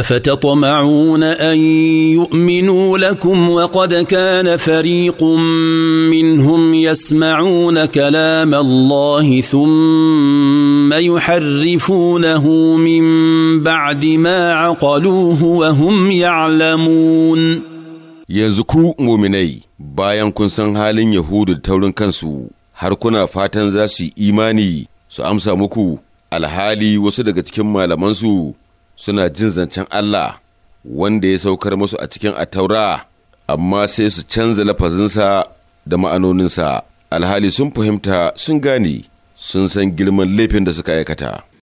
افتطمعون ان يؤمنوا لكم وقد كان فريق منهم يسمعون كلام الله ثم يحرفونه من بعد ما عقلوه وهم يعلمون yanzu ku muminai bayan kun san halin yahudu da taurin kansu har kuna fatan za su yi imani su amsa muku alhali wasu daga cikin malamansu suna jin zancen Allah wanda ya saukar musu a cikin ataura amma sai su canza lafazinsa da ma'anoninsa alhali sun fahimta sun gane sun san girman laifin da suka aikata.